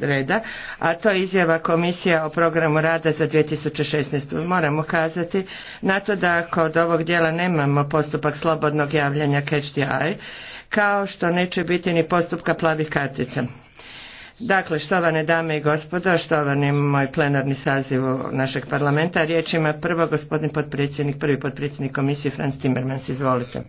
reda, a to je izjava Komisija o programu rada za 2016. Moramo kazati na to da kod ovog dijela nemamo postupak slobodnog javljanja catch the eye, kao što neće biti ni postupka plavih kartica. Dakle, štovane dame i gospodo, štovani moj plenarni saziv našeg parlamenta, riječ ima prvo gospodin potpredsjednik, prvi potpredsjednik komisije Franz Timmermans, izvolite.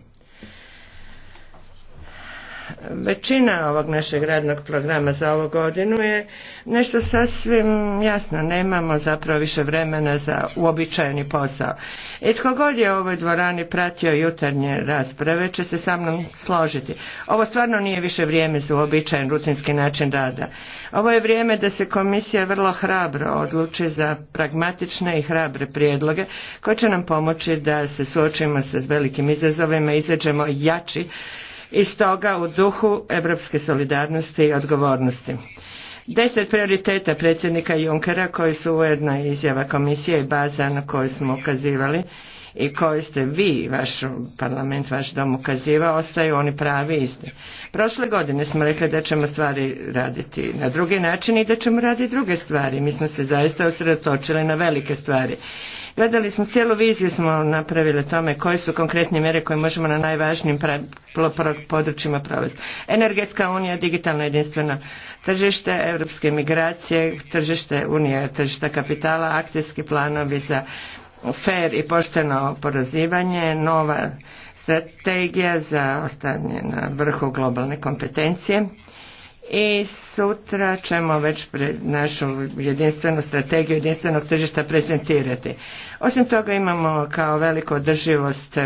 Većina ovog našeg radnog programa za ovu godinu je nešto sasvim jasno, nemamo zapravo više vremena za uobičajeni posao. I tko god je u ovoj dvorani pratio jutarnje rasprave će se sa mnom složiti. Ovo stvarno nije više vrijeme za uobičajen rutinski način rada. Ovo je vrijeme da se komisija vrlo hrabro odluči za pragmatične i hrabre prijedloge koji će nam pomoći da se suočimo sa velikim izazovima i izađemo jači i stoga u duhu europske solidarnosti i odgovornosti. Deset prioriteta predsjednika Junckera koji su ujedna izjava komisije i baza na koju smo ukazivali i koji ste vi, vaš parlament, vaš dom ukazivao, ostaju oni pravi isti. Prošle godine smo rekli da ćemo stvari raditi na drugi način i da ćemo raditi druge stvari. Mi smo se zaista usredotočili na velike stvari. Gledali smo cijelu viziju smo napravili tome koje su konkretne mjere koje možemo na najvažnijim područjima provesti. Energetska unija, digitalna jedinstvena tržište, europske migracije, tržište unije, tržišta kapitala, akcijski planovi za fer i pošteno porozivanje, nova strategija za ostanje na vrhu globalne kompetencije i sutra ćemo već našu jedinstvenu strategiju jedinstvenog tržišta prezentirati. Osim toga imamo kao veliku održivost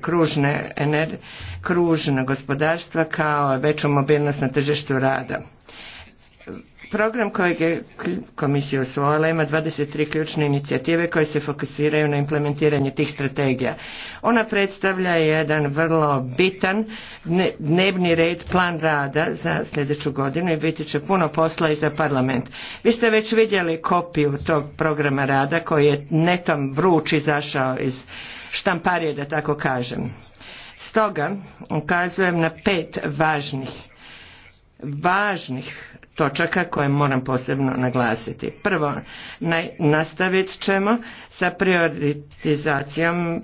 kružne, ener, kružna gospodarstva kao veću mobilnost na tržištu rada Program kojeg je komisija usvojila ima 23 ključne inicijative koje se fokusiraju na implementiranje tih strategija. Ona predstavlja jedan vrlo bitan dnevni red, plan rada za sljedeću godinu i biti će puno posla i za parlament. Vi ste već vidjeli kopiju tog programa rada koji je netom vruć izašao iz štamparije, da tako kažem. Stoga ukazujem na pet važnih važnih točaka koje moram posebno naglasiti. Prvo, nastavit ćemo sa prioritizacijom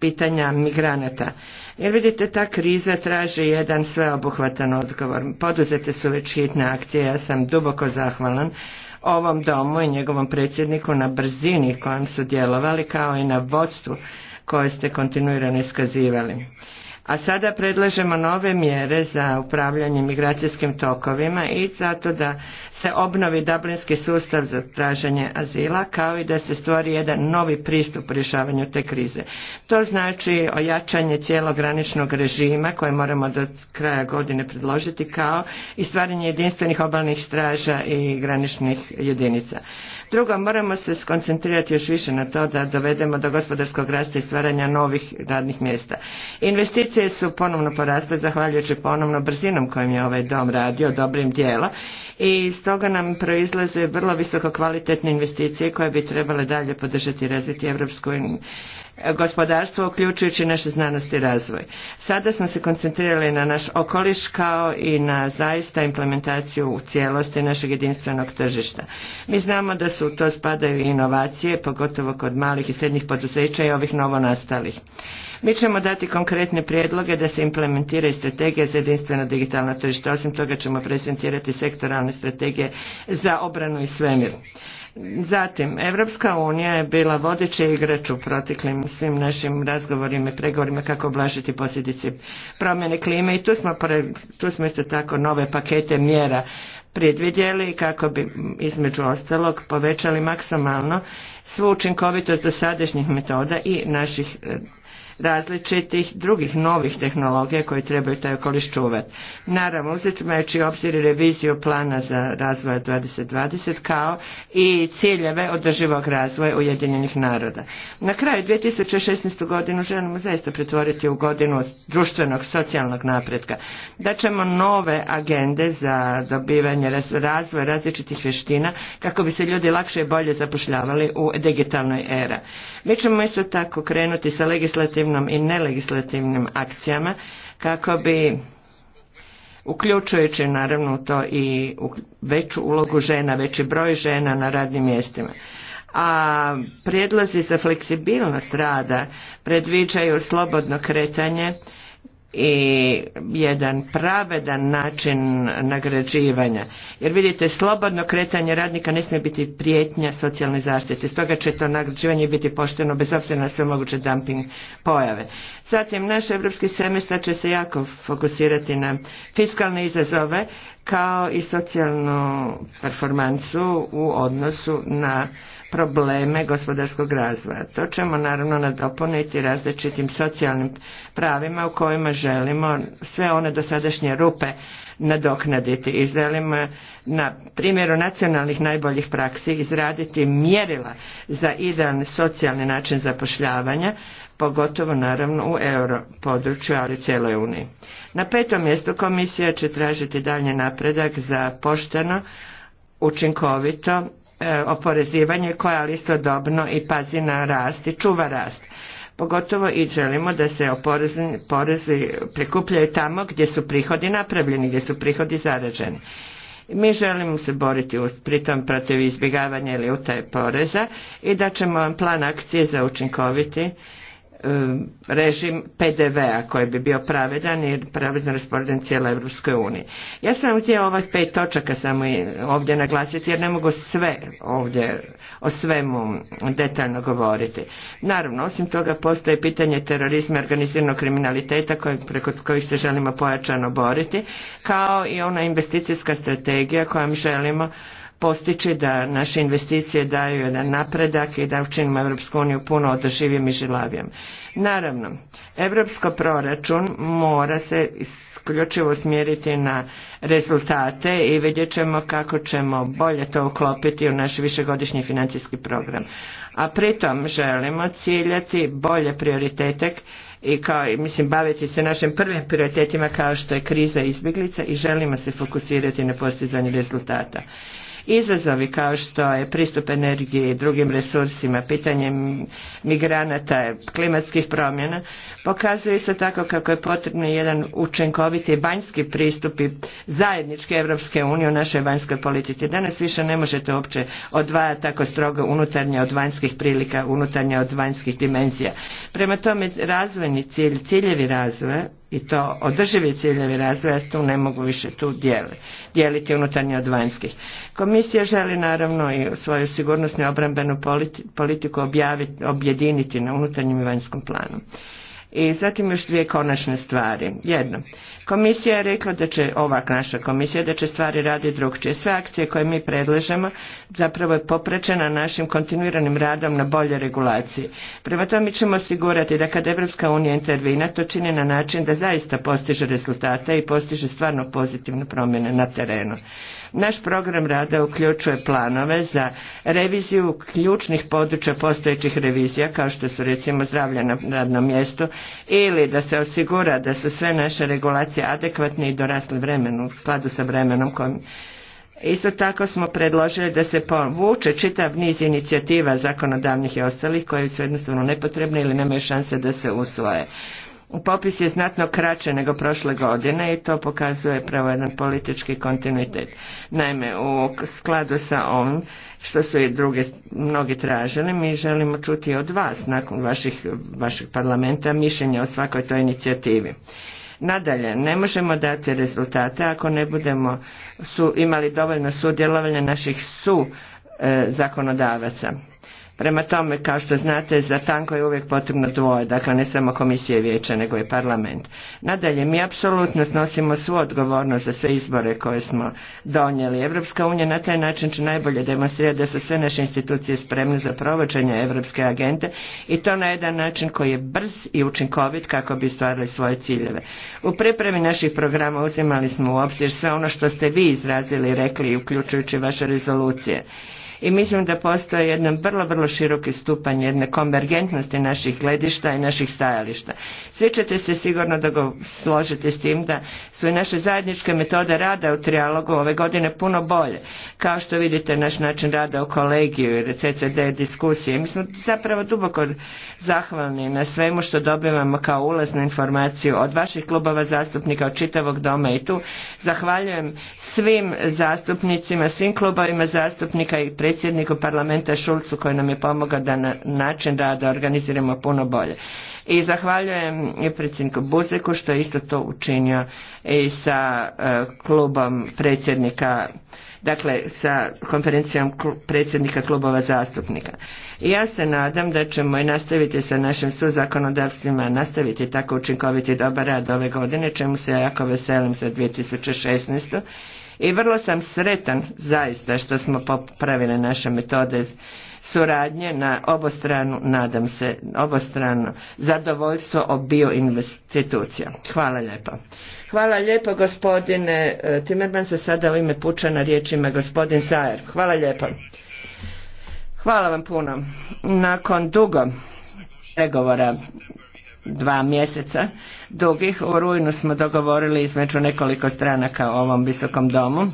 pitanja migranata. Jer vidite, ta kriza traži jedan sveobuhvatan odgovor. Poduzete su već hitne akcije, ja sam duboko zahvalan ovom domu i njegovom predsjedniku na brzini kojom su djelovali, kao i na vodstvu koje ste kontinuirano iskazivali. A sada predlažemo nove mjere za upravljanje migracijskim tokovima i zato da se obnovi dublinski sustav za traženje azila kao i da se stvori jedan novi pristup rješavanju te krize. To znači ojačanje cijelog graničnog režima koje moramo do kraja godine predložiti kao i stvaranje jedinstvenih obalnih straža i graničnih jedinica. Drugo, moramo se skoncentrirati još više na to da dovedemo do gospodarskog rasta i stvaranja novih radnih mjesta. Investicije su ponovno porasle zahvaljujući ponovno brzinom kojim je ovaj dom radio, dobrim dijela i stoga nam proizlaze vrlo visoko kvalitetne investicije koje bi trebale dalje podržati i razviti europsku gospodarstvo uključujući naše znanosti i razvoj. Sada smo se koncentrirali na naš okoliš kao i na zaista implementaciju u cijelosti našeg jedinstvenog tržišta. Mi znamo da su u to spadaju i inovacije, pogotovo kod malih i srednjih poduzeća i ovih novonastalih. Mi ćemo dati konkretne prijedloge da se implementira i strategija za jedinstveno digitalno tržište. Osim toga ćemo prezentirati sektoralne strategije za obranu i svemir. Zatim, Evropska unija je bila vodeći igrač u proteklim svim našim razgovorima i pregovorima kako oblažiti posljedice promjene klime i tu smo, pre, tu smo isto tako nove pakete mjera predvidjeli kako bi između ostalog povećali maksimalno svu učinkovitost dosadašnjih metoda i naših različitih drugih novih tehnologija koje trebaju taj okoliš čuvati. Naravno, uzimajući obzir i reviziju plana za razvoj 2020 kao i ciljeve održivog razvoja Ujedinjenih naroda. Na kraju 2016. godinu želimo zaista pretvoriti u godinu društvenog, socijalnog napretka. Da ćemo nove agende za dobivanje razvoja različitih vještina kako bi se ljudi lakše i bolje zapošljavali u digitalnoj era. Mi ćemo isto tako krenuti sa legislativnim legislativnom i nelegislativnim akcijama kako bi uključujući naravno to i veću ulogu žena, veći broj žena na radnim mjestima. A prijedlozi za fleksibilnost rada predviđaju slobodno kretanje i jedan pravedan način nagrađivanja. Jer vidite, slobodno kretanje radnika ne smije biti prijetnja socijalne zaštite. Stoga će to nagrađivanje biti pošteno bez obzira na sve moguće dumping pojave. Zatim, naš evropski semestar će se jako fokusirati na fiskalne izazove kao i socijalnu performancu u odnosu na probleme gospodarskog razvoja. To ćemo naravno nadopuniti različitim socijalnim pravima u kojima želimo sve one dosadašnje rupe nadoknaditi i želimo na primjeru nacionalnih najboljih praksi izraditi mjerila za idealni socijalni način zapošljavanja pogotovo naravno u euro području, ali u cijeloj Uniji. Na petom mjestu komisija će tražiti dalje napredak za pošteno, učinkovito E, oporezivanje koja ali istodobno i pazi na rast i čuva rast pogotovo i želimo da se porezi prikupljaju tamo gdje su prihodi napravljeni, gdje su prihodi zarađeni. Mi želimo se boriti pritom protiv izbjegavanja ili utaje poreza i da ćemo plan akcije za učinkoviti Um, režim PDV-a koji bi bio pravedan i pravedno raspoređen cijele Europskoj uniji. Ja sam htjela ovih pet točaka samo ovdje naglasiti jer ne mogu sve ovdje o svemu detaljno govoriti. Naravno, osim toga postoje pitanje terorizma i organiziranog kriminaliteta preko kojih se želimo pojačano boriti, kao i ona investicijska strategija kojom želimo postići da naše investicije daju jedan napredak i da učinimo Europsku uniju puno održivijim i žilavijom. Naravno, europsko proračun mora se isključivo smjeriti na rezultate i vidjet ćemo kako ćemo bolje to uklopiti u naš višegodišnji financijski program. A pritom želimo ciljati bolje prioritete i kao, mislim, baviti se našim prvim prioritetima kao što je kriza izbjeglica i želimo se fokusirati na postizanje rezultata. Izazovi kao što je pristup energiji i drugim resursima, pitanje migranata, klimatskih promjena, pokazuje isto tako kako je potrebno jedan učinkoviti vanjski pristup i zajedničke Evropske unije u našoj vanjskoj politici. Danas više ne možete uopće odvajati tako strogo unutarnje od vanjskih prilika, unutarnje od vanjskih dimenzija. Prema tome razvojni cilj, ciljevi razvoja i to održivi ciljevi razvoja tu ne mogu više tu dijeliti unutarnje od vanjskih. Komisija želi naravno i svoju sigurnosnu obrambenu politiku objaviti, objediniti na unutarnjem i vanjskom planu. I zatim još dvije konačne stvari. Jedno, Komisija je rekla da će, ovak naša komisija, da će stvari raditi drugčije. Sve akcije koje mi predlažemo zapravo je popraćena našim kontinuiranim radom na bolje regulaciji. Prema tome mi ćemo osigurati da kad Evropska unija intervina, to čini na način da zaista postiže rezultate i postiže stvarno pozitivne promjene na terenu. Naš program rada uključuje planove za reviziju ključnih područja postojećih revizija kao što su recimo zdravlje na radnom mjestu ili da se osigura da su sve naše regulacije adekvatne i dorasle vremenu, u skladu sa vremenom kojim Isto tako smo predložili da se povuče čitav niz inicijativa zakonodavnih i ostalih koje su jednostavno nepotrebne ili nemaju šanse da se usvoje. U popis je znatno kraće nego prošle godine i to pokazuje pravo jedan politički kontinuitet. Naime, u skladu sa ovim što su i druge mnogi tražili, mi želimo čuti od vas nakon vaših, vašeg parlamenta mišljenje o svakoj toj inicijativi. Nadalje, ne možemo dati rezultate ako ne budemo su imali dovoljno sudjelovanja naših su e, zakonodavaca. Prema tome, kao što znate, za tanko je uvijek potrebno dvoje, dakle ne samo komisije vijeća, nego i parlament. Nadalje, mi apsolutno snosimo svu odgovornost za sve izbore koje smo donijeli. Evropska unija na taj način će najbolje demonstrirati da su sve naše institucije spremne za provođenje evropske agente i to na jedan način koji je brz i učinkovit kako bi stvarili svoje ciljeve. U pripremi naših programa uzimali smo u obzir sve ono što ste vi izrazili, i rekli, uključujući vaše rezolucije i mislim da postoji jedan vrlo, vrlo široki stupanj jedne konvergentnosti naših gledišta i naših stajališta. Svi ćete se sigurno da go složiti s tim da su i naše zajedničke metode rada u trijalogu ove godine puno bolje. Kao što vidite naš način rada u kolegiju i CCD diskusije. Mi smo zapravo duboko zahvalni na svemu što dobivamo kao ulaznu informaciju od vaših klubova zastupnika, od čitavog doma i tu. Zahvaljujem svim zastupnicima, svim klubovima zastupnika i predsjedniku parlamenta Šulcu koji nam je pomogao da na način rada organiziramo puno bolje. I zahvaljujem i predsjedniku Buzeku što je isto to učinio i sa e, klubom predsjednika dakle sa konferencijom predsjednika klubova zastupnika. ja se nadam da ćemo i nastaviti sa našim suzakonodavstvima, nastaviti tako učinkoviti dobar rad ove godine, čemu se jako veselim za 2016. I vrlo sam sretan zaista što smo popravili naše metode suradnje na obostranu, nadam se, obostrano zadovoljstvo o investicija. Hvala lijepo. Hvala lijepo gospodine e, Timerman se sada u ime na riječima gospodin Sajer. Hvala lijepo. Hvala vam puno. Nakon dugo pregovora dva mjeseca dugih. U rujnu smo dogovorili između nekoliko stranaka u ovom visokom domu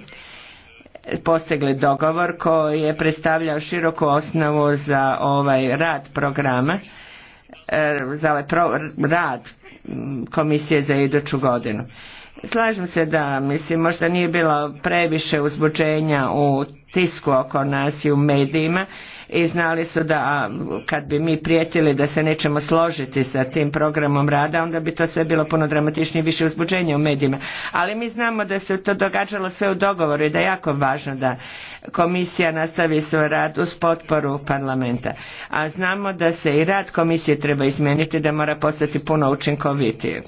postigli dogovor koji je predstavljao široku osnovu za ovaj rad programa, e, za ovaj rad komisije za iduću godinu. Slažem se da, mislim, možda nije bilo previše uzbuđenja u tisku oko nas i u medijima i znali su da kad bi mi prijetili da se nećemo složiti sa tim programom rada, onda bi to sve bilo puno dramatičnije više uzbuđenja u medijima. Ali mi znamo da se to događalo sve u dogovoru i da je jako važno da komisija nastavi svoj rad uz potporu parlamenta. A znamo da se i rad komisije treba izmeniti, da mora postati puno učinkovitiji.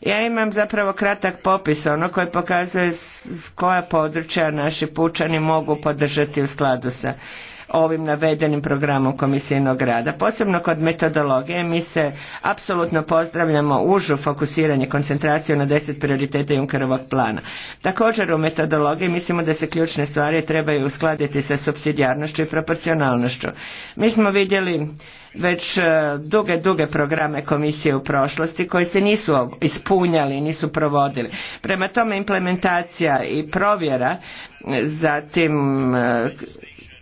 Ja imam zapravo kratak popis, ono koje pokazuje koja područja naši pučani mogu podržati u skladu sa ovim navedenim programom komisijenog rada. Posebno kod metodologije mi se apsolutno pozdravljamo užu fokusiranje, koncentraciju na deset prioriteta Junkerovog plana. Također u metodologiji mislimo da se ključne stvari trebaju uskladiti sa subsidijarnošću i proporcionalnošću. Mi smo vidjeli već e, duge, duge programe komisije u prošlosti koji se nisu ispunjali, nisu provodili. Prema tome implementacija i provjera, zatim e,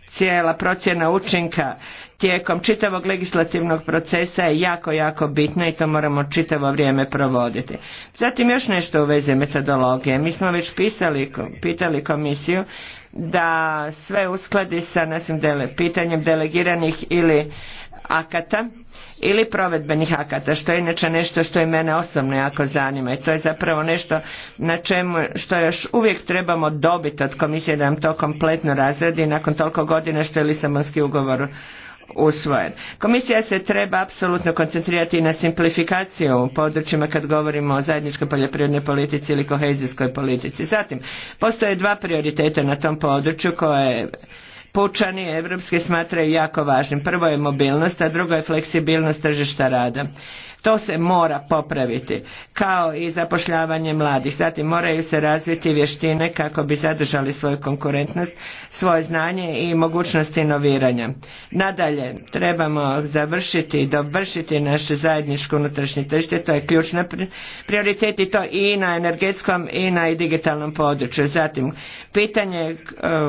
cijela procjena učinka tijekom čitavog legislativnog procesa je jako, jako bitna i to moramo čitavo vrijeme provoditi. Zatim još nešto u vezi metodologije. Mi smo već pisali, pitali komisiju da sve uskladi sa nasim pitanjem delegiranih ili akata ili provedbenih akata, što je inače nešto što i mene osobno jako zanima i to je zapravo nešto na čemu, što još uvijek trebamo dobiti od komisije da nam to kompletno razredi nakon toliko godina što je Lisabonski ugovor usvojen. Komisija se treba apsolutno koncentrirati na simplifikaciju u područjima kad govorimo o zajedničkoj poljoprivrednoj politici ili kohezijskoj politici. Zatim, postoje dva prioriteta na tom području koje pučani europski smatraju jako važnim. Prvo je mobilnost, a drugo je fleksibilnost tržišta rada. To se mora popraviti, kao i zapošljavanje mladih. Zatim moraju se razviti vještine kako bi zadržali svoju konkurentnost, svoje znanje i mogućnost inoviranja. Nadalje, trebamo završiti i dovršiti naše zajedničko unutrašnje tržište, to je ključna prioritet i to i na energetskom i na digitalnom području. Zatim, pitanje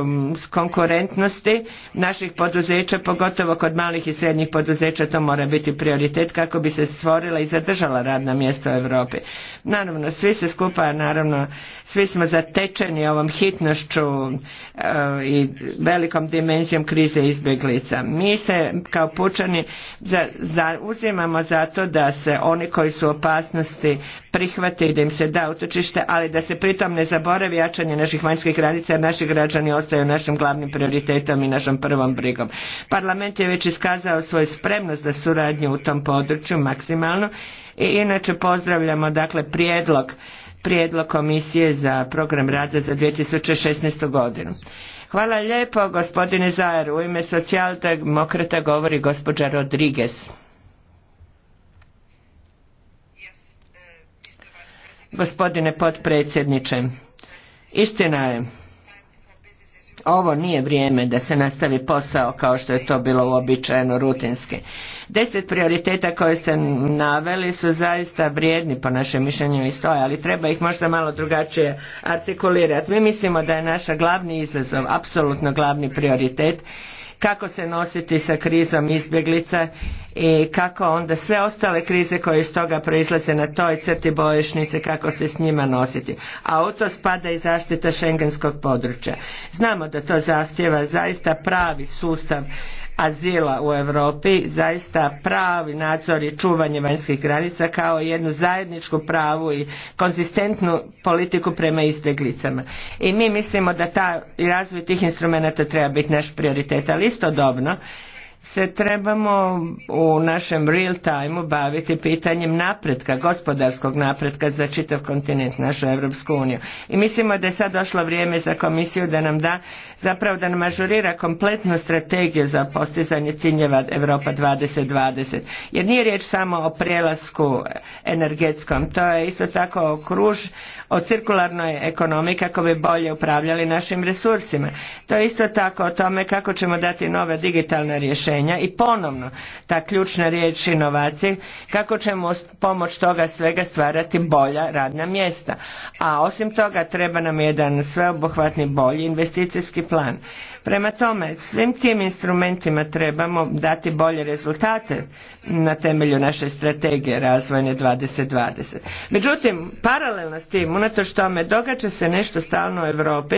um, konkurentnosti naših poduzeća, pogotovo kod malih i srednjih poduzeća, to mora biti prioritet kako bi se stvorili otvorila i zadržala radna mjesta u Europi. Naravno, svi se skupa naravno svi smo zatečeni ovom hitnošću e, i velikom dimenzijom krize izbjeglica. Mi se kao pučani uzimamo za, to da se oni koji su u opasnosti prihvate i da im se da utočište, ali da se pritom ne zaboravi jačanje naših vanjskih granica jer naši građani ostaju našim glavnim prioritetom i našom prvom brigom. Parlament je već iskazao svoju spremnost da suradnju u tom području maksimalno i inače pozdravljamo dakle prijedlog prijedlog komisije za program rada za 2016. godinu. Hvala lijepo gospodine Zajer. U ime socijaldemokrata govori gospođa Rodriguez. Gospodine potpredsjedniče, istina je ovo nije vrijeme da se nastavi posao kao što je to bilo uobičajeno rutinski. Deset prioriteta koje ste naveli su zaista vrijedni po našem mišljenju i stoje, ali treba ih možda malo drugačije artikulirati. Mi mislimo da je naš glavni izazov, apsolutno glavni prioritet kako se nositi sa krizom izbjeglica i kako onda sve ostale krize koje iz toga proizlaze na toj crti bojišnice kako se s njima nositi. A u to spada i zaštita šengenskog područja. Znamo da to zahtjeva zaista pravi sustav azila u Europi zaista pravi nadzor i čuvanje vanjskih granica kao jednu zajedničku pravu i konzistentnu politiku prema izbjeglicama. I mi mislimo da ta, razvoj tih instrumenata treba biti naš prioritet, ali istodobno se trebamo u našem real time baviti pitanjem napretka, gospodarskog napretka za čitav kontinent, našu Europsku uniju. I mislimo da je sad došlo vrijeme za komisiju da nam da, zapravo da nam ažurira kompletnu strategiju za postizanje ciljeva Europa 2020. Jer nije riječ samo o prijelasku energetskom, to je isto tako kruž o cirkularnoj ekonomiji kako bi bolje upravljali našim resursima. To je isto tako o tome kako ćemo dati nova digitalne rješenja rješenja i ponovno ta ključna riječ inovacije kako ćemo pomoć toga svega stvarati bolja radna mjesta. A osim toga treba nam jedan sveobuhvatni bolji investicijski plan. Prema tome, svim tim instrumentima trebamo dati bolje rezultate na temelju naše strategije razvojne 2020. Međutim, paralelno s tim, unatoč tome, događa se nešto stalno u Europi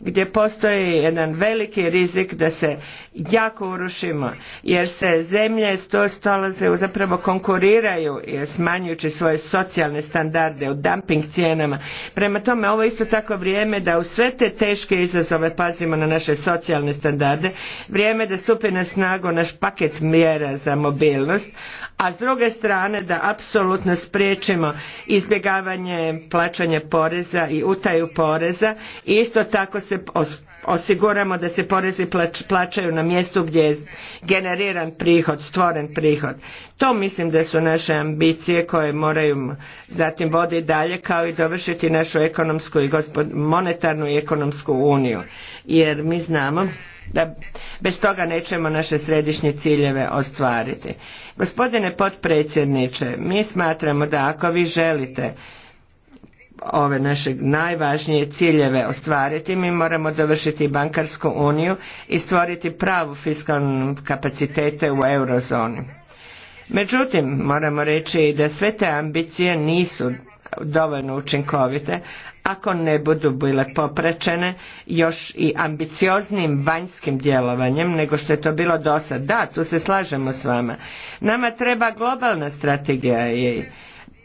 gdje postoji jedan veliki rizik da se jako urušimo, jer se zemlje stoje stolaze zapravo konkuriraju smanjujući svoje socijalne standarde u dumping cijenama. Prema tome, ovo je isto tako vrijeme da u sve te teške izazove pazimo na naše socijalne socijalne standarde, vrijeme da stupi na snagu naš paket mjera za mobilnost, a s druge strane da apsolutno spriječimo izbjegavanje plaćanja poreza i utaju poreza i isto tako se osiguramo da se porezi plaćaju na mjestu gdje je generiran prihod, stvoren prihod. To mislim da su naše ambicije koje moraju zatim voditi dalje kao i dovršiti našu ekonomsku i monetarnu i ekonomsku uniju. Jer mi znamo da bez toga nećemo naše središnje ciljeve ostvariti. Gospodine potpredsjedniče, mi smatramo da ako vi želite ove naše najvažnije ciljeve ostvariti, mi moramo dovršiti bankarsku uniju i stvoriti pravu fiskalnu kapacitete u eurozoni. Međutim, moramo reći da sve te ambicije nisu dovoljno učinkovite ako ne budu bile popraćene još i ambicioznim vanjskim djelovanjem nego što je to bilo do sad. Da, tu se slažemo s vama. Nama treba globalna strategija i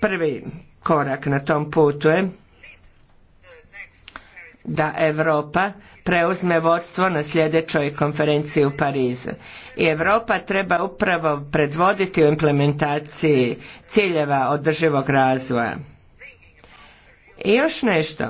prvi korak na tom putu je da Europa preuzme vodstvo na sljedećoj konferenciji u Parizu. I Europa treba upravo predvoditi u implementaciji ciljeva održivog razvoja. I još nešto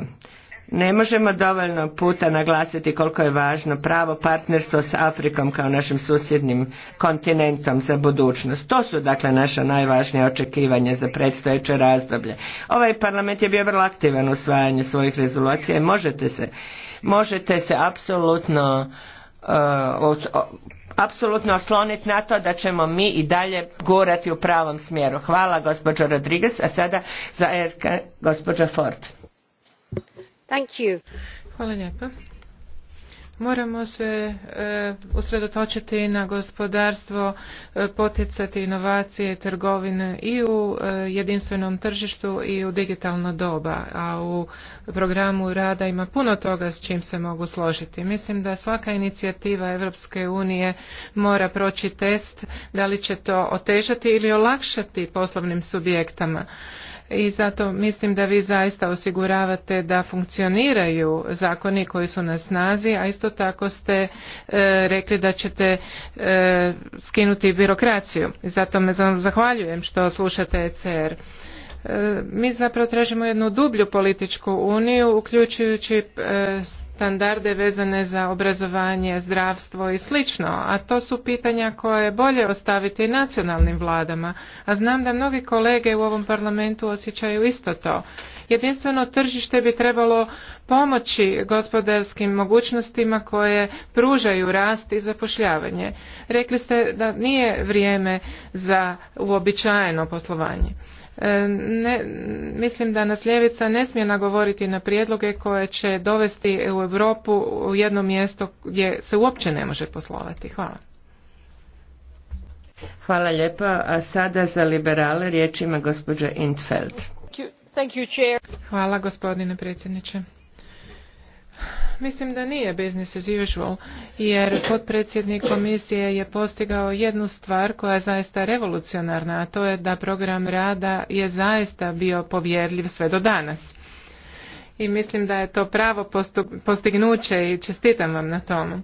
ne možemo dovoljno puta naglasiti koliko je važno pravo partnerstvo s Afrikom kao našim susjednim kontinentom za budućnost. To su dakle naša najvažnija očekivanja za predstojeće razdoblje. Ovaj parlament je bio vrlo aktivan u usvajanju svojih rezolucija i možete se, možete se apsolutno uh, apsolutno osloniti na to da ćemo mi i dalje gurati u pravom smjeru. Hvala gospođo Rodriguez, a sada za RK gospođa Ford. Thank you. Hvala Moramo se e, usredotočiti na gospodarstvo, e, poticati inovacije, trgovine i u e, jedinstvenom tržištu i u digitalno doba, a u programu rada ima puno toga s čim se mogu složiti. Mislim da svaka inicijativa Europske unije mora proći test da li će to otežati ili olakšati poslovnim subjektama i zato mislim da vi zaista osiguravate da funkcioniraju zakoni koji su na snazi, a isto tako ste e, rekli da ćete e, skinuti birokraciju. Zato me zahvaljujem što slušate ECR. E, mi zapravo tražimo jednu dublju političku uniju, uključujući standarde vezane za obrazovanje, zdravstvo i slično, a to su pitanja koje je bolje ostaviti nacionalnim vladama, a znam da mnogi kolege u ovom parlamentu osjećaju isto to. Jedinstveno tržište bi trebalo pomoći gospodarskim mogućnostima koje pružaju rast i zapošljavanje. Rekli ste da nije vrijeme za uobičajeno poslovanje. E, ne, mislim da nas ljevica ne smije nagovoriti na prijedloge koje će dovesti u Europu u jedno mjesto gdje se uopće ne može poslovati. Hvala. Hvala lijepa. A sada za liberale riječ ima gospođa Intfeld. Hvala gospodine predsjedniče. Mislim da nije business as usual, jer potpredsjednik komisije je postigao jednu stvar koja je zaista revolucionarna, a to je da program rada je zaista bio povjerljiv sve do danas. I mislim da je to pravo postignuće i čestitam vam na tomu.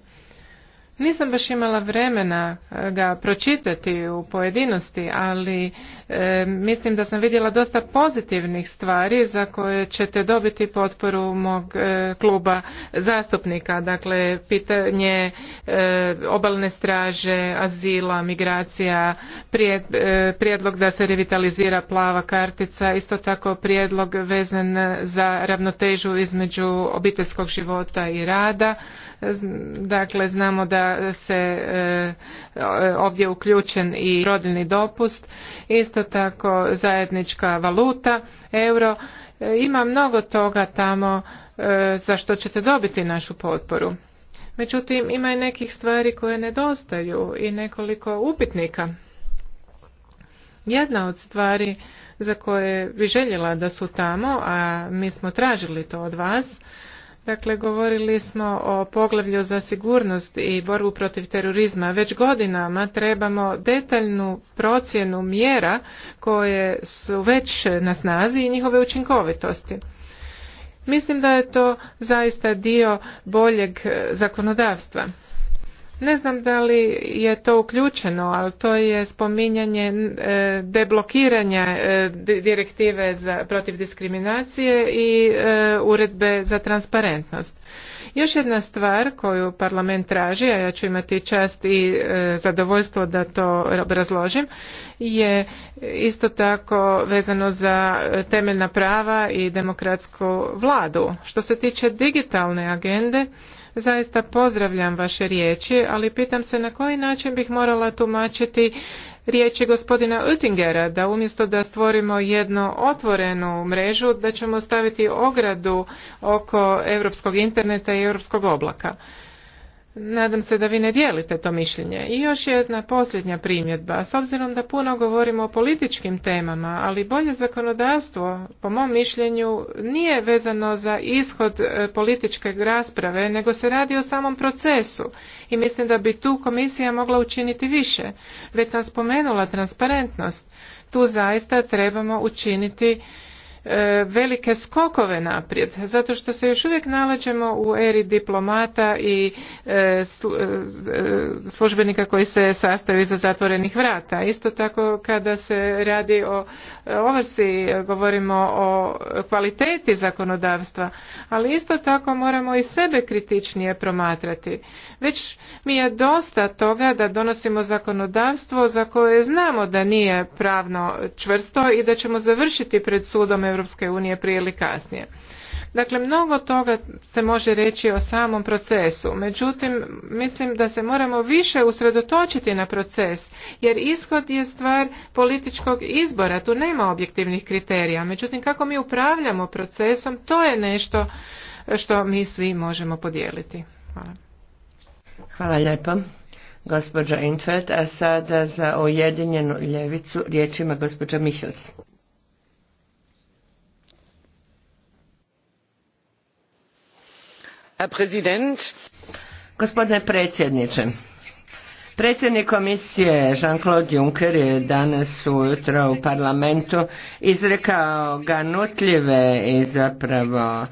Nisam baš imala vremena eh, ga pročitati u pojedinosti, ali eh, mislim da sam vidjela dosta pozitivnih stvari za koje ćete dobiti potporu mog eh, kluba zastupnika. Dakle, pitanje obalne straže, azila, migracija, prijedlog da se revitalizira plava kartica, isto tako prijedlog vezan za ravnotežu između obiteljskog života i rada Dakle, znamo da se e, ovdje uključen i rodilni dopust, isto tako zajednička valuta, euro. E, ima mnogo toga tamo e, za što ćete dobiti našu potporu. Međutim, ima i nekih stvari koje nedostaju i nekoliko upitnika. Jedna od stvari za koje bi željela da su tamo, a mi smo tražili to od vas, Dakle, govorili smo o poglavlju za sigurnost i borbu protiv terorizma. Već godinama trebamo detaljnu procjenu mjera koje su već na snazi i njihove učinkovitosti. Mislim da je to zaista dio boljeg zakonodavstva. Ne znam da li je to uključeno, ali to je spominjanje e, deblokiranja e, direktive za, protiv diskriminacije i e, uredbe za transparentnost. Još jedna stvar koju parlament traži, a ja ću imati čast i zadovoljstvo da to razložim, je isto tako vezano za temeljna prava i demokratsku vladu. Što se tiče digitalne agende, Zaista pozdravljam vaše riječi, ali pitam se na koji način bih morala tumačiti riječi gospodina Oettingera da umjesto da stvorimo jednu otvorenu mrežu da ćemo staviti ogradu oko europskog interneta i europskog oblaka. Nadam se da vi ne dijelite to mišljenje. I još jedna posljednja primjedba. S obzirom da puno govorimo o političkim temama, ali bolje zakonodavstvo, po mom mišljenju, nije vezano za ishod e, političke rasprave, nego se radi o samom procesu. I mislim da bi tu komisija mogla učiniti više. Već sam spomenula transparentnost. Tu zaista trebamo učiniti E, velike skokove naprijed zato što se još uvijek nalađemo u eri diplomata i e, e, službenika koji se sastaju iza zatvorenih vrata. Isto tako kada se radi o ovrsi govorimo o kvaliteti zakonodavstva, ali isto tako moramo i sebe kritičnije promatrati. Već mi je dosta toga da donosimo zakonodavstvo za koje znamo da nije pravno čvrsto i da ćemo završiti pred sudom Europske unije prije ili kasnije. Dakle, mnogo toga se može reći o samom procesu, međutim, mislim da se moramo više usredotočiti na proces, jer ishod je stvar političkog izbora, tu nema objektivnih kriterija, međutim, kako mi upravljamo procesom, to je nešto što mi svi možemo podijeliti. Hvala. Hvala lijepo. Gospođa Infeld, a sada za Ujedinjenu ljevicu riječima gospođa Michels. Gospodine predsjedniče, Predsjednik komisije Jean-Claude Juncker je danas ujutro u parlamentu izrekao ganutljive i zapravo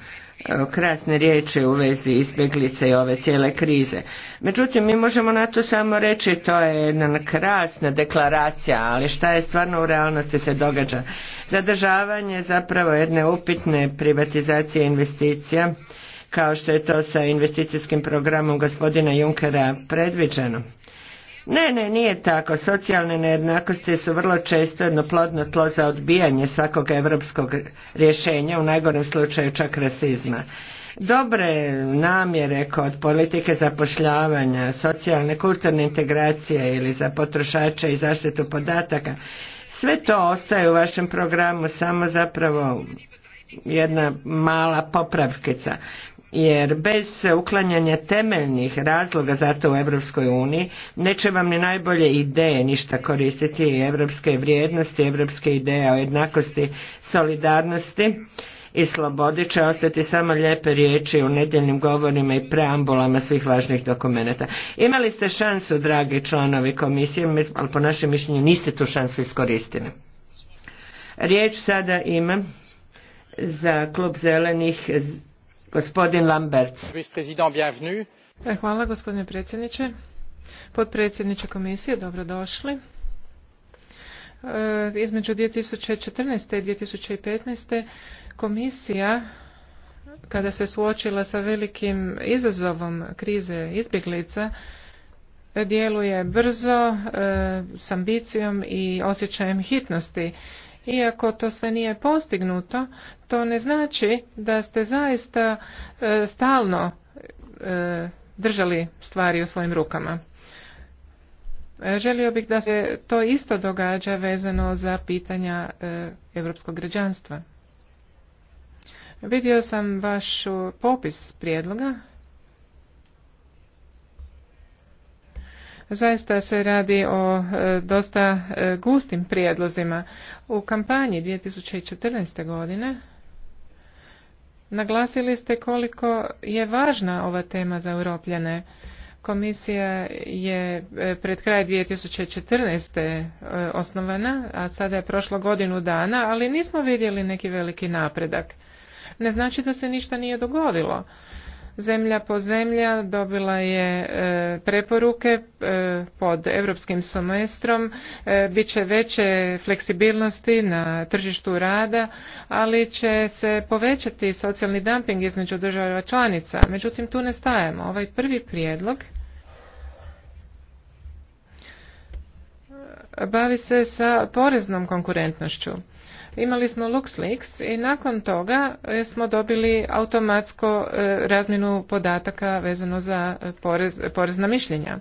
E, krasne riječi u vezi izbjeglice i ove cijele krize. Međutim, mi možemo na to samo reći, to je jedna krasna deklaracija, ali šta je stvarno u realnosti se događa? Zadržavanje zapravo jedne upitne privatizacije investicija, kao što je to sa investicijskim programom gospodina Junkera predviđeno. Ne, ne, nije tako. Socijalne nejednakosti su vrlo često jedno plodno tlo za odbijanje svakog europskog rješenja, u najgorem slučaju čak rasizma. Dobre namjere kod politike zapošljavanja, socijalne, kulturne integracije ili za potrošače i zaštitu podataka, sve to ostaje u vašem programu, samo zapravo jedna mala popravkica jer bez uklanjanja temeljnih razloga za to u Europskoj uniji neće vam ni najbolje ideje ništa koristiti i europske vrijednosti, europske ideje o jednakosti, solidarnosti i slobodi će ostati samo lijepe riječi u nedjeljnim govorima i preambulama svih važnih dokumenata. Imali ste šansu, dragi članovi komisije, ali po našem mišljenju niste tu šansu iskoristili. Riječ sada ima za klub zelenih Gospodin e, Hvala gospodine predsjedniče. Potpredsjedniče komisije, dobrodošli. E, dvije između 2014. i 2015. komisija kada se suočila sa velikim izazovom krize izbjeglica djeluje brzo, e, s ambicijom i osjećajem hitnosti. Iako to sve nije postignuto, to ne znači da ste zaista e, stalno e, držali stvari u svojim rukama. E, želio bih da se to isto događa vezano za pitanja europskog građanstva. Vidio sam vaš popis prijedloga Zaista se radi o e, dosta e, gustim prijedlozima. U kampanji 2014. godine naglasili ste koliko je važna ova tema za europljane. Komisija je e, pred kraj 2014. osnovana, a sada je prošlo godinu dana, ali nismo vidjeli neki veliki napredak. Ne znači da se ništa nije dogodilo zemlja po zemlja dobila je e, preporuke e, pod europskim semestrom e, bit će veće fleksibilnosti na tržištu rada ali će se povećati socijalni dumping između država članica međutim tu ne stajemo ovaj prvi prijedlog bavi se sa poreznom konkurentnošću imali smo LuxLeaks i nakon toga e, smo dobili automatsko e, razmjenu podataka vezano za e, porez, porezna mišljenja.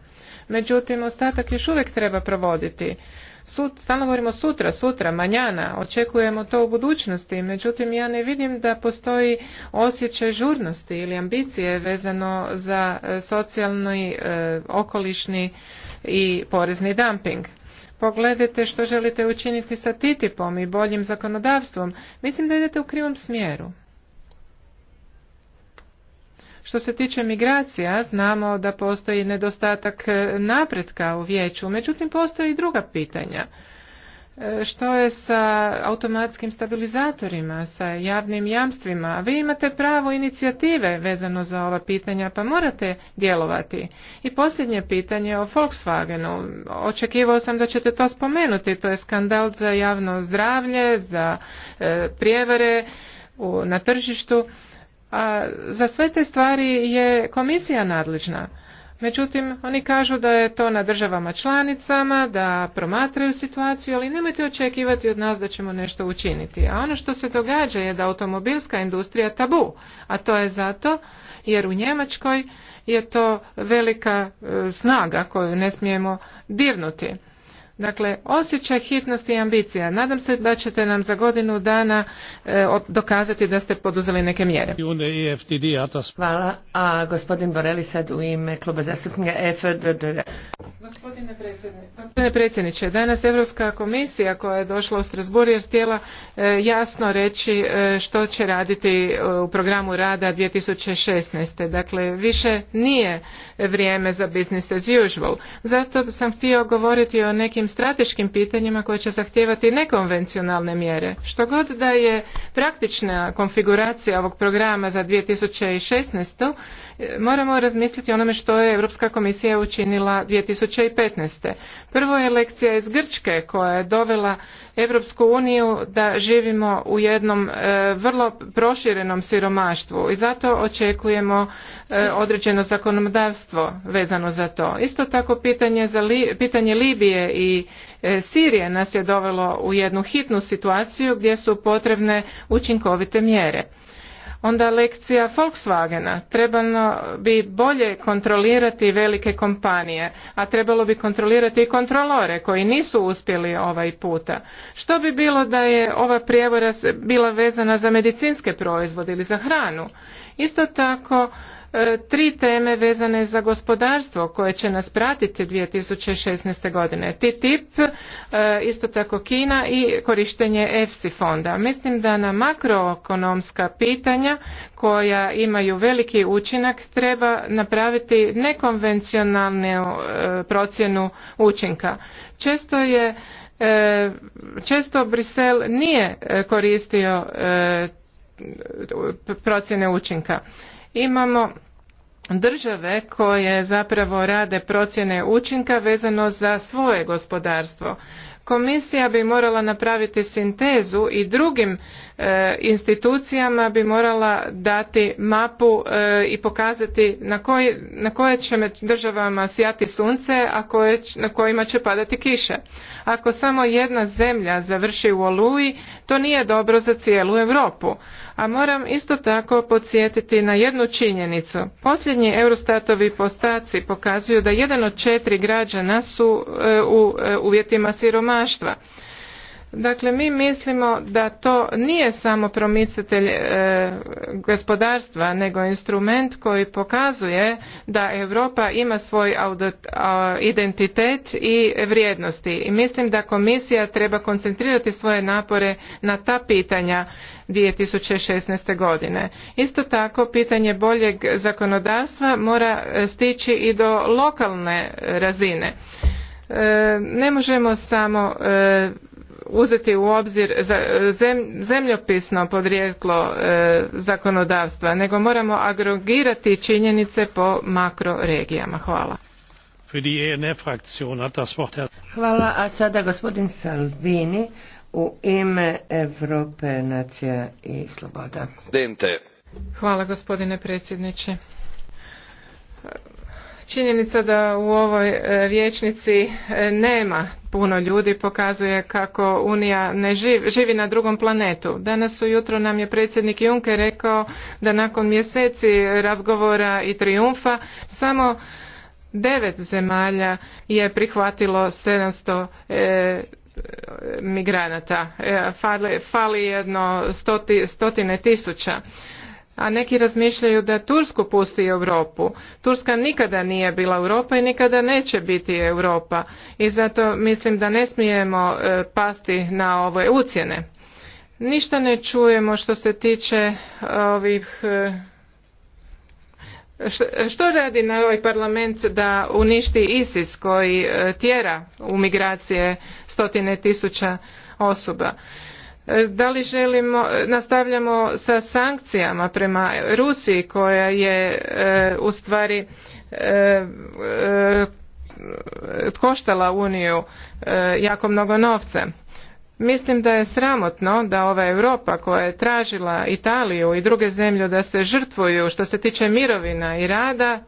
Međutim, ostatak još uvijek treba provoditi. Sud, stalno govorimo sutra, sutra, manjana, očekujemo to u budućnosti, međutim ja ne vidim da postoji osjećaj žurnosti ili ambicije vezano za socijalni, okolišni i porezni dumping pogledajte što želite učiniti sa ttip i boljim zakonodavstvom. Mislim da idete u krivom smjeru. Što se tiče migracija, znamo da postoji nedostatak eh, napretka u vijeću, međutim postoji i druga pitanja. E, što je sa automatskim stabilizatorima, sa javnim jamstvima. vi imate pravo inicijative vezano za ova pitanja, pa morate djelovati. I posljednje pitanje o Volkswagenu. Očekivao sam da ćete to spomenuti. To je skandal za javno zdravlje, za e, prijevare na tržištu. A za sve te stvari je komisija nadležna. Međutim, oni kažu da je to na državama članicama, da promatraju situaciju, ali nemojte očekivati od nas da ćemo nešto učiniti. A ono što se događa je da automobilska industrija tabu, a to je zato jer u Njemačkoj je to velika e, snaga koju ne smijemo dirnuti. Dakle, osjećaj hitnosti i ambicija. Nadam se da ćete nam za godinu dana e, dokazati da ste poduzeli neke mjere. Hvala. A gospodin Boreli sad u ime kluba zastupnika Gospodine, predsjedniče, danas Europska komisija koja je došla u Strasbourg je htjela e, jasno reći e, što će raditi u programu rada 2016. Dakle, više nije vrijeme za business as usual. Zato sam htio govoriti o nekim strateškim pitanjima koje će zahtijevati nekonvencionalne mjere. Što god da je praktična konfiguracija ovog programa za 2016. Moramo razmisliti onome što je Europska komisija učinila 2015. Prvo je lekcija iz Grčke koja je dovela Europsku uniju da živimo u jednom e, vrlo proširenom siromaštvu i zato očekujemo e, određeno zakonodavstvo vezano za to. Isto tako pitanje, za pitanje Libije i e, Sirije nas je dovelo u jednu hitnu situaciju gdje su potrebne učinkovite mjere. Onda lekcija Volkswagena. Trebalo bi bolje kontrolirati velike kompanije, a trebalo bi kontrolirati i kontrolore koji nisu uspjeli ovaj puta. Što bi bilo da je ova prijevora bila vezana za medicinske proizvode ili za hranu? Isto tako E, tri teme vezane za gospodarstvo koje će nas pratiti 2016. godine. TTIP, e, isto tako Kina i korištenje EFSI fonda. Mislim da na makroekonomska pitanja koja imaju veliki učinak treba napraviti nekonvencionalnu e, procjenu učinka. Često je često Brisel nije koristio procjene učinka imamo države koje zapravo rade procjene učinka vezano za svoje gospodarstvo. Komisija bi morala napraviti sintezu i drugim E, institucijama bi morala dati mapu e, i pokazati na, koje će državama sjati sunce, a na kojima će padati kiše. Ako samo jedna zemlja završi u oluji, to nije dobro za cijelu Europu. A moram isto tako podsjetiti na jednu činjenicu. Posljednji Eurostatovi postaci pokazuju da jedan od četiri građana su e, u uvjetima siromaštva. Dakle, mi mislimo da to nije samo promicatelj e, gospodarstva, nego instrument koji pokazuje da Europa ima svoj identitet i vrijednosti. I mislim da komisija treba koncentrirati svoje napore na ta pitanja 2016. godine. Isto tako, pitanje boljeg zakonodavstva mora e, stići i do lokalne razine. E, ne možemo samo uzeti u obzir zemljopisno podrijetlo e, zakonodavstva, nego moramo agrogirati činjenice po makroregijama. Hvala. E Hvala, a sada gospodin Salvini u ime Evrope, nacija i sloboda. Hvala gospodine predsjedniče Činjenica da u ovoj e, vječnici e, nema puno ljudi pokazuje kako Unija ne živi, na drugom planetu. Danas ujutro nam je predsjednik Juncker rekao da nakon mjeseci razgovora i trijumfa samo devet zemalja je prihvatilo 700 e, migranata. fali, jedno stoti, stotine tisuća a neki razmišljaju da Tursku pusti Europu. Turska nikada nije bila Europa i nikada neće biti Europa i zato mislim da ne smijemo e, pasti na ove ucjene. Ništa ne čujemo što se tiče e, ovih e, što radi na ovaj parlament da uništi ISIS koji tjera u migracije stotine tisuća osoba? E, da li želimo, nastavljamo sa sankcijama prema Rusiji koja je ustvari e, u stvari e, koštala Uniju jako mnogo novca. Mislim da je sramotno da ova Europa koja je tražila Italiju i druge zemlje da se žrtvuju što se tiče mirovina i rada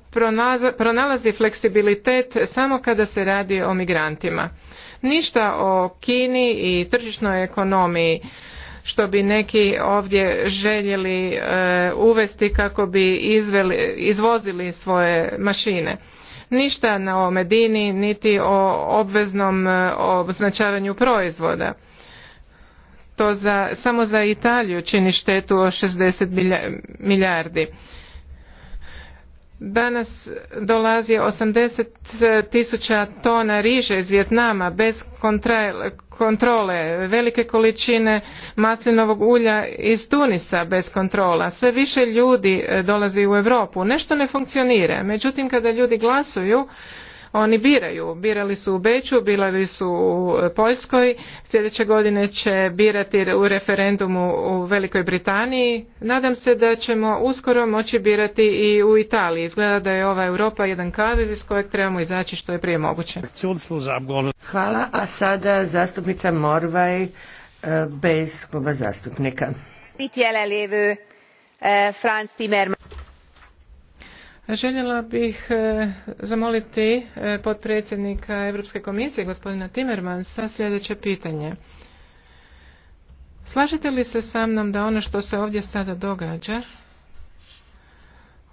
pronalazi fleksibilitet samo kada se radi o migrantima ništa o Kini i tržišnoj ekonomiji što bi neki ovdje željeli e, uvesti kako bi izveli, izvozili svoje mašine ništa na o medini niti o obveznom e, označavanju proizvoda to za, samo za italiju čini štetu od 60 milijardi Danas dolazi 80 tisuća tona riže iz Vjetnama bez kontrole, velike količine maslinovog ulja iz Tunisa bez kontrola. Sve više ljudi e, dolazi u Europu. Nešto ne funkcionira. Međutim, kada ljudi glasuju, oni biraju. Birali su u Beću, birali su u e, Poljskoj. Sljedeće godine će birati u referendumu u Velikoj Britaniji. Nadam se da ćemo uskoro moći birati i u Italiji. Izgleda da je ova Europa jedan kavez iz kojeg trebamo izaći što je prije moguće. Hvala, a sada zastupnica Morvaj e, bez kluba zastupnika. Hvala. Željela bih e, zamoliti e, potpredsjednika Europske komisije gospodina Timmermansa sljedeće pitanje. Slažete li se sa mnom da ono što se ovdje sada događa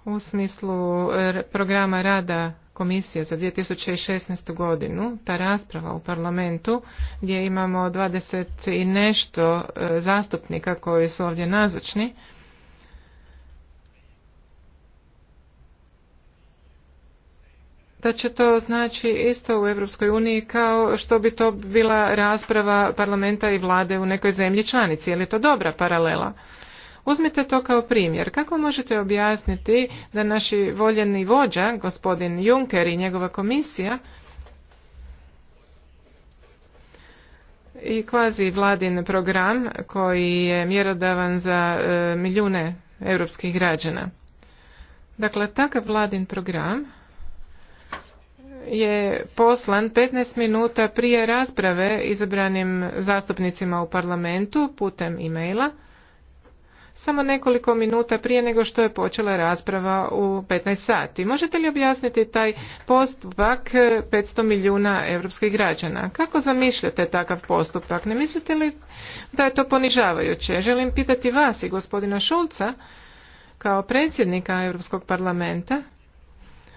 u smislu e, programa rada komisije za 2016. godinu, ta rasprava u parlamentu gdje imamo 20 i nešto zastupnika koji su ovdje nazočni, da će to znači isto u Europskoj uniji kao što bi to bila rasprava parlamenta i vlade u nekoj zemlji članici. Je li to dobra paralela? Uzmite to kao primjer. Kako možete objasniti da naši voljeni vođa, gospodin Juncker i njegova komisija, i kvazi vladin program koji je mjerodavan za e, milijune europskih građana. Dakle, takav vladin program je poslan 15 minuta prije rasprave izabranim zastupnicima u parlamentu putem e-maila, samo nekoliko minuta prije nego što je počela rasprava u 15 sati. Možete li objasniti taj postupak 500 milijuna europskih građana? Kako zamišljate takav postupak? Ne mislite li da je to ponižavajuće? Želim pitati vas i gospodina Šulca kao predsjednika Europskog parlamenta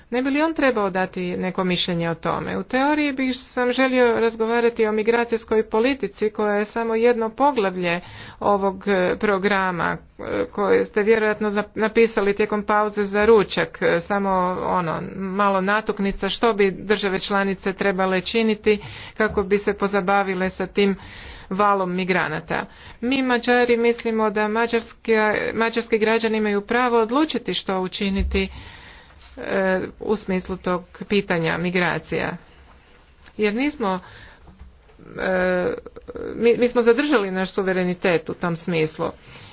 ne bi li on trebao dati neko mišljenje o tome? U teoriji bih sam želio razgovarati o migracijskoj politici koja je samo jedno poglavlje ovog e, programa e, koje ste vjerojatno napisali tijekom pauze za ručak. E, samo ono, malo natuknica što bi države članice trebale činiti kako bi se pozabavile sa tim valom migranata. Mi Mađari mislimo da mađarski, mađarski građani imaju pravo odlučiti što učiniti u smislu tog pitanja migracija. Jer nismo e, mi, smo zadržali naš suverenitet u tom smislu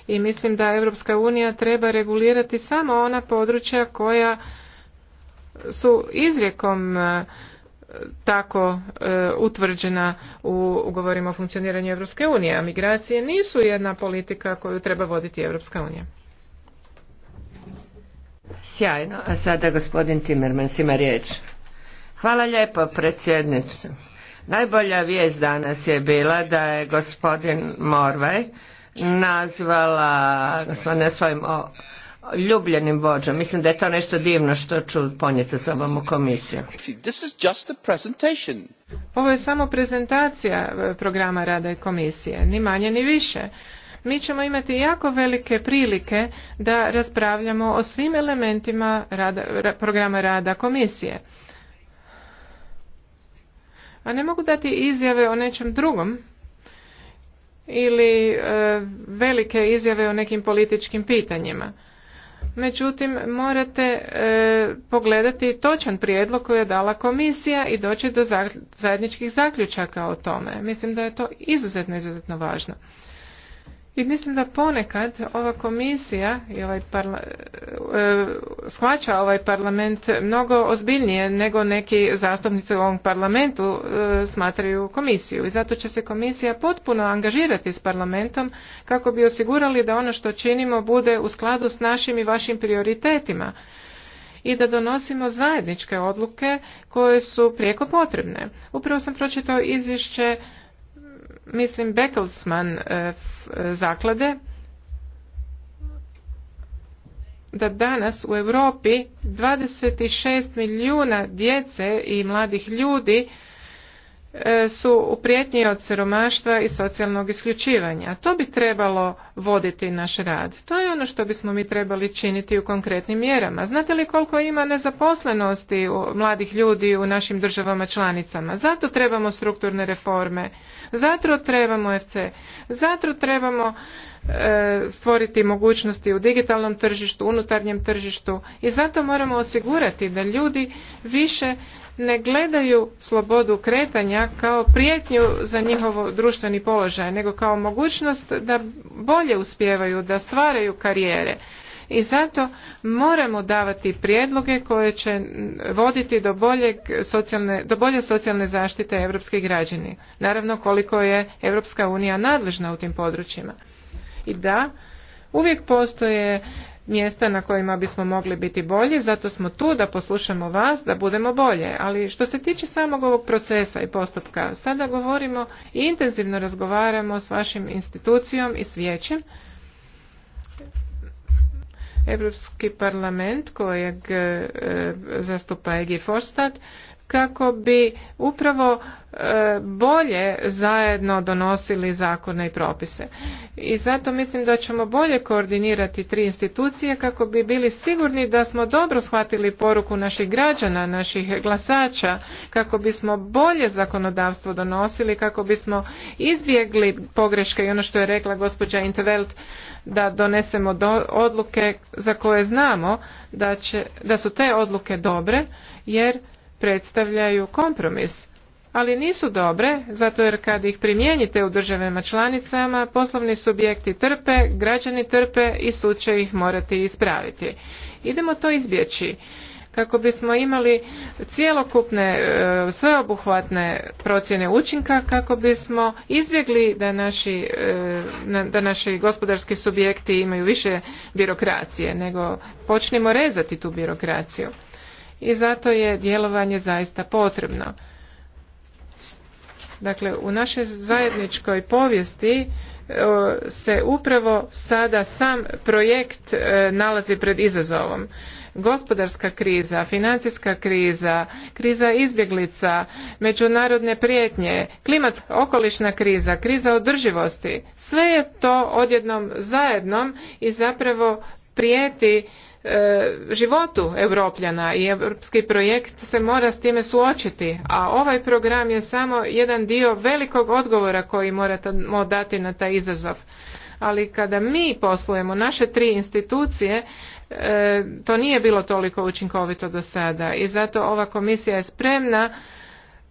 i mislim da Europska unija treba regulirati samo ona područja koja su izrijekom e, tako e, utvrđena u ugovorima o funkcioniranju Europske unije, a migracije nisu jedna politika koju treba voditi Europska unija. Sjajno. A sada gospodin Timmermans ima riječ. Hvala lijepo predsjedniče. Najbolja vijest danas je bila da je gospodin Morvaj nazvala gospodine svojim o, ljubljenim vođom. Mislim da je to nešto divno što ću ponijeti sa sobom u komisiju. Ovo je samo prezentacija e, programa rada i komisije, ni manje ni više mi ćemo imati jako velike prilike da raspravljamo o svim elementima rada, programa rada komisije. A ne mogu dati izjave o nečem drugom ili e, velike izjave o nekim političkim pitanjima. Međutim, morate e, pogledati točan prijedlog koji je dala komisija i doći do zajedničkih zaključaka o tome. Mislim da je to izuzetno, izuzetno važno. I mislim da ponekad ova komisija i ovaj parla, e, shvaća ovaj parlament mnogo ozbiljnije nego neki zastupnici u ovom parlamentu e, smatraju komisiju. I zato će se komisija potpuno angažirati s parlamentom kako bi osigurali da ono što činimo bude u skladu s našim i vašim prioritetima i da donosimo zajedničke odluke koje su prijeko potrebne. Upravo sam pročitao izvješće mislim Beckelsman eh, eh, zaklade da danas u Europi 26 milijuna djece i mladih ljudi eh, su u prijetnji od siromaštva i socijalnog isključivanja. To bi trebalo voditi naš rad. To je ono što bismo mi trebali činiti u konkretnim mjerama. Znate li koliko ima nezaposlenosti u mladih ljudi u našim državama članicama? Zato trebamo strukturne reforme zato trebamo FC, zato trebamo e, stvoriti mogućnosti u digitalnom tržištu, unutarnjem tržištu i zato moramo osigurati da ljudi više ne gledaju slobodu kretanja kao prijetnju za njihov društveni položaj, nego kao mogućnost da bolje uspijevaju, da stvaraju karijere i zato moramo davati prijedloge koje će voditi do, boljeg socijalne, do bolje socijalne zaštite europskih građani. Naravno koliko je Europska unija nadležna u tim područjima. I da, uvijek postoje mjesta na kojima bismo mogli biti bolji, zato smo tu da poslušamo vas, da budemo bolje. Ali što se tiče samog ovog procesa i postupka, sada govorimo i intenzivno razgovaramo s vašim institucijom i s vijećem Europski parlament kojeg eh, zastupa Egi fostat kako bi upravo e, bolje zajedno donosili zakone i propise. I zato mislim da ćemo bolje koordinirati tri institucije kako bi bili sigurni da smo dobro shvatili poruku naših građana, naših glasača, kako bismo bolje zakonodavstvo donosili, kako bismo izbjegli pogreške i ono što je rekla gospođa Intervelt da donesemo odluke za koje znamo da, će, da su te odluke dobre jer predstavljaju kompromis, ali nisu dobre zato jer kad ih primijenite u državama članicama, poslovni subjekti trpe, građani trpe i sud će ih morati ispraviti. Idemo to izbjeći kako bismo imali cjelokupne e, sveobuhvatne procjene učinka kako bismo izbjegli da naši, e, da naši gospodarski subjekti imaju više birokracije nego počnemo rezati tu birokraciju i zato je djelovanje zaista potrebno. Dakle, u našoj zajedničkoj povijesti e, se upravo sada sam projekt e, nalazi pred izazovom. Gospodarska kriza, financijska kriza, kriza izbjeglica, međunarodne prijetnje, klimatska okolišna kriza, kriza održivosti, sve je to odjednom zajednom i zapravo prijeti E, životu europljana i europski projekt se mora s time suočiti, a ovaj program je samo jedan dio velikog odgovora koji moramo dati na taj izazov. Ali kada mi poslujemo naše tri institucije, e, to nije bilo toliko učinkovito do sada i zato ova komisija je spremna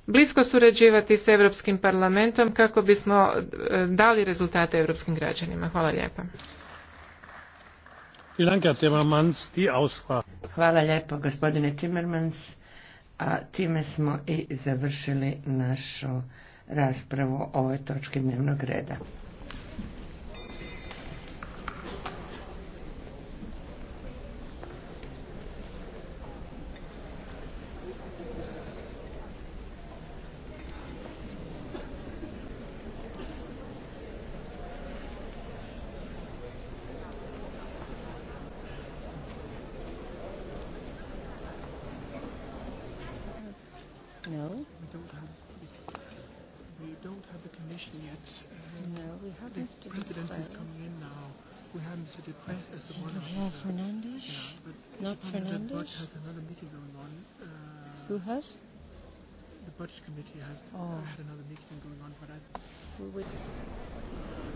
blisko surađivati s Europskim parlamentom kako bismo e, dali rezultate europskim građanima. Hvala lijepa. Hvala lijepo gospodine Timmermans, a time smo i završili našu raspravu o ovoj točki dnevnog reda. No. We don't have. We don't have the commission yet. Uh, no, we have the president is coming in now. We have Mr. Deprez as the one. We have Fernandes. Yeah, but not Fernandes. has another meeting going on. Uh, Who has? The budget committee has oh. had another meeting going on, but I. We would.